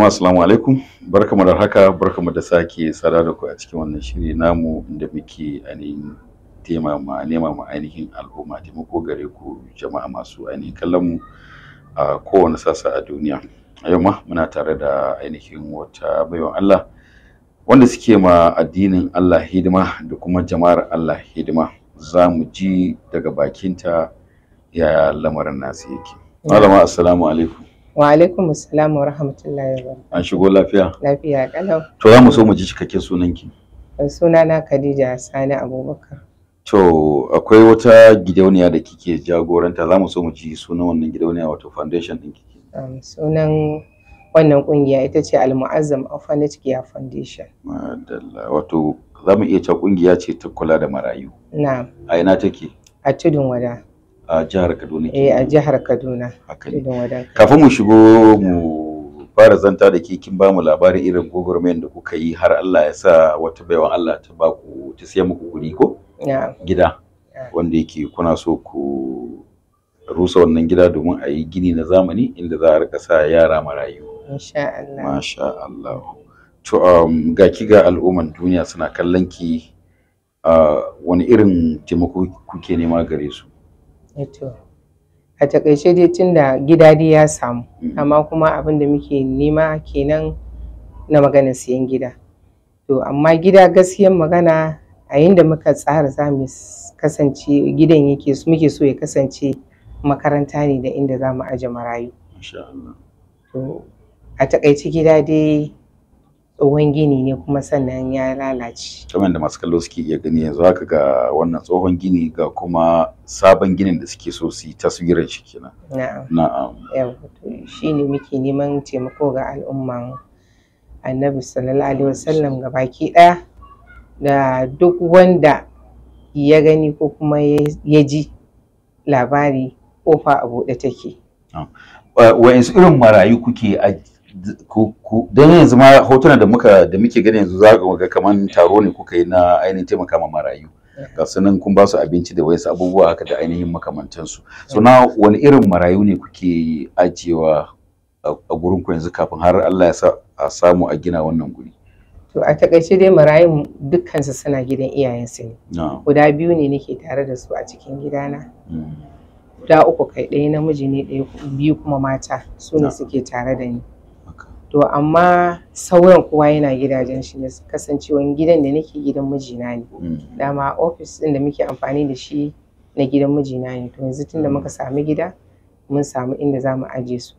Assalamu alaikum barkamu da haka barkamu da sake sada da ku a cikin wannan shiri namu da muke ainihin tema ma nema ma ainihin al'umma taimako gare ku jama'a masu ainihin kallon mu a kowane sassa a duniya a yau ma muna tare da ainihin wata baiwan Allah wanda suke ma addinin Allah hidima da kuma jama'ar Allah hidima za mu ji daga bakinta ya lamarin nasu yake malama assalamu alaikum Wa alaikum assalam wa rahmatullahi wa An shigo lafiya? Lafiya kalau. To za mu so mu ji cikakke sunanki. Eh, sunana Khadija Sani Abubakar. To akwai wata gidauniya da kike jagoranta za mu so mu ji sunan wannan gidauniya wato foundation din kike. Um, sunan wannan kungiya ita ce Al-Mu'azzam Orphanage Care Foundation. Madalla wato za mu iya ta kungiya ce ta kula da marayu. Na'am. A ina take? A tudun wada. a jihar Kaduna eh a jihar Kaduna kafin mu shigo mu fara zanta da ke kin bamu labarin irin gogormen da kuka yi har Allah ya sa wata baiwa Allah ta ba ku ta siya muku guri ko gida wanda yake kuna so ku rusa wannan gida domin a yi gini na zamani inda za a rika sa yara marayu insha Allah masha Allah to um, ga ki ga al'umman duniya suna kallon ki uh, wani irin taimako kuke nema gare su Eh a takaice dai tun da gida dai ya samu mm. amma kuma abin da muke nema kenan na magana siyan gida to amma gida gaskiyan magana a yadda muka tsara za mu kasance gidan yake muke so ya kasance makaranta ne da inda za mu aje marayu a takaice gida dai tsohon gini ne kuma sannan ya lalace. Kamar da masu kallo suke iya gani yanzu haka ga wannan tsohon gini ga kuma sabon ginin da suke so su yi taswirar shi kenan. Na'am. Na'am. Shi ne muke neman taimako ga al'umman Annabi sallallahu alaihi wasallam ga baki ɗaya da duk wanda ya gani ko kuma ya ji labari kofa a buɗe take. Wa'insu irin marayu kuke Dan yanzu ma hotunan da muka da muke gani yanzu za ga kamar taro ne kuka yi na ainihin taimaka ma marayu ga sunan kun ba su abinci da wasu abubuwa haka da ainihin makamantansu so na wani irin marayu ne kuke ajiyewa a gurin ku yanzu kafin har Allah ya sa a samu a gina wannan guri to a takaice dai marayun dukkansu suna gidan iyayensu ne guda biyu ne nake tare da su a cikin gidana hmm. guda uku kai ɗaya namiji ne ɗaya biyu kuma mata su ne suke tare da ni to amma sauran kowa yana gidajen shi ne kasancewan gidan da nake gidan mijina ne hmm. dama ofis ɗin da muke amfani da shi na gidan mijina ne to yanzu tunda hmm. muka samu gida mun samu inda za mu aje su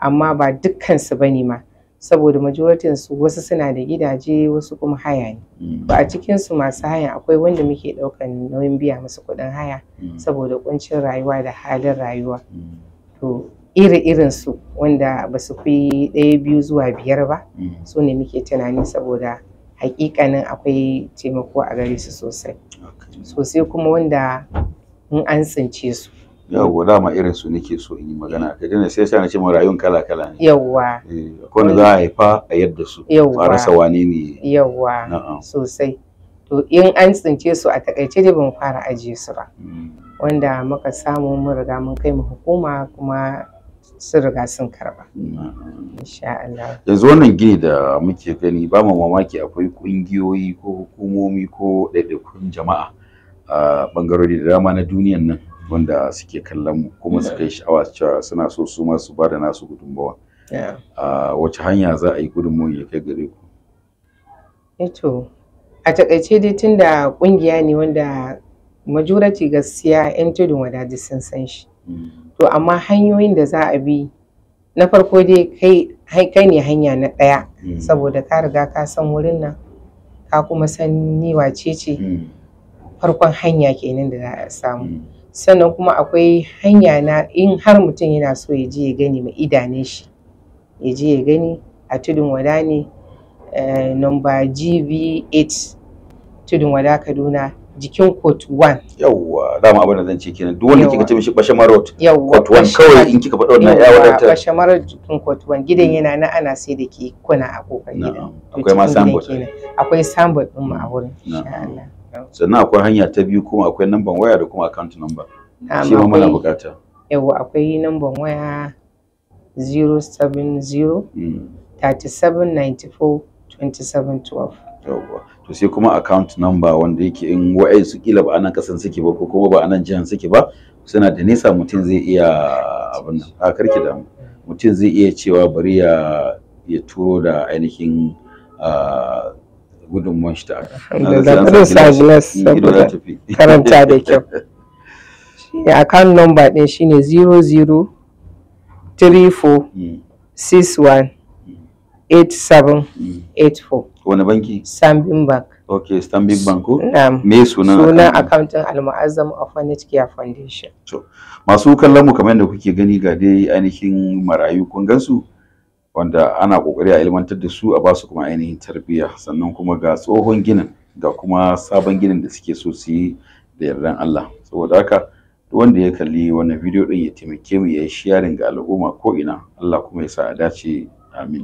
amma ba dukkansu ba ne ma saboda majoritin su wasu suna da gidaje wasu kuma haya ne ba hmm. a cikin su masu haya akwai wanda muke ɗaukan nauyin biya musu kuɗin haya saboda ƙuncin rayuwa da halin rayuwa to iri irin su wanda ba su fi ɗaya biyu zuwa biyar ba mm. su ne muke tunani saboda hakikanin akwai taimako a gare su sosai sosai kuma wanda in an tsince su yawwa dama irin su nake so in yi magana ka dana sai sai na ce rayuwar kala kala ne yawwa eh, akwai wanda za a haifa a yadda su fara rasa wane ne yawwa sosai to in an tsince su a takaice da ban fara ajiye su ba mm. wanda muka samu mun riga mun kai mu hukuma kuma sun riga sun karba insha yanzu wannan gini da muke gani ba mu mamaki akwai kungiyoyi ko hukumomi ko ɗaiɗaikun jama'a a bangarori da dama na duniyan nan wanda suke kallon mu kuma suka yi sha'awa cewa suna so su ma su bada nasu gudunmawa a wace hanya za a yi gudunmawa ya kai gare ku eto eh a takaice dai tunda kungiya ne wanda majority gaskiya 'yan tudun wadaji sun san shi hmm. to amma hanyoyin da za a bi na farko dai kai ne hanya na ɗaya mm. saboda ka riga ka san wurin nan ka kuma san ni wace ce mm. farkon hanya kenan da za a samu mm. sannan kuma akwai hanya na in har mutum yana so ya je ya gani ma idanun shi ya je ya gani a tudun wada ne eh, number gb 8 tudun wada kaduna jikin court 1 yawwa dama abin da zan ce kenan duk wanda kika ce mishi bashamar road court 1 kawai in kika faɗa wannan ya wadata bashamar jikin court 1 gidan mm. yana na ana sai da ke kuna a kofar gidan akwai ma sambot akwai sambot din mu a mm, wurin insha Allah sannan akwai hanya ta biyu kuma akwai number waya da kuma account number shi ma muna bukata yawwa akwai number waya 070 3794 2712 yawwa to sai kuma account number wanda yake in wa'ai su kila ba anan kasan suke ba ko kuma ba anan jihan suke ba suna da nesa mutum zai iya abin nan a karki damu mutum zai iya cewa bari ya ya turo da ainihin mun shi ta saboda karanta da kyau ya account number din shine 00 61 Wani banki? Stanbic Bank. Ok, Stanbic Bank ko? Me sunan? Suna accounting Al-Mu'azzam Orphanage Care Foundation. So, masu kallon mu kamar yadda kuke gani ga dai ainihin marayu kun gansu wanda ana kokari a ilmantar da su a basu kuma ainihin tarbiyya sannan kuma ga tsohon ginin ga kuma sabon ginin da suke so su yi da yardan Allah. Saboda haka wanda ya kalli wannan bidiyo din ya taimake mu ya yi sharing ga al'umma ko ina Allah kuma ya sa a dace amin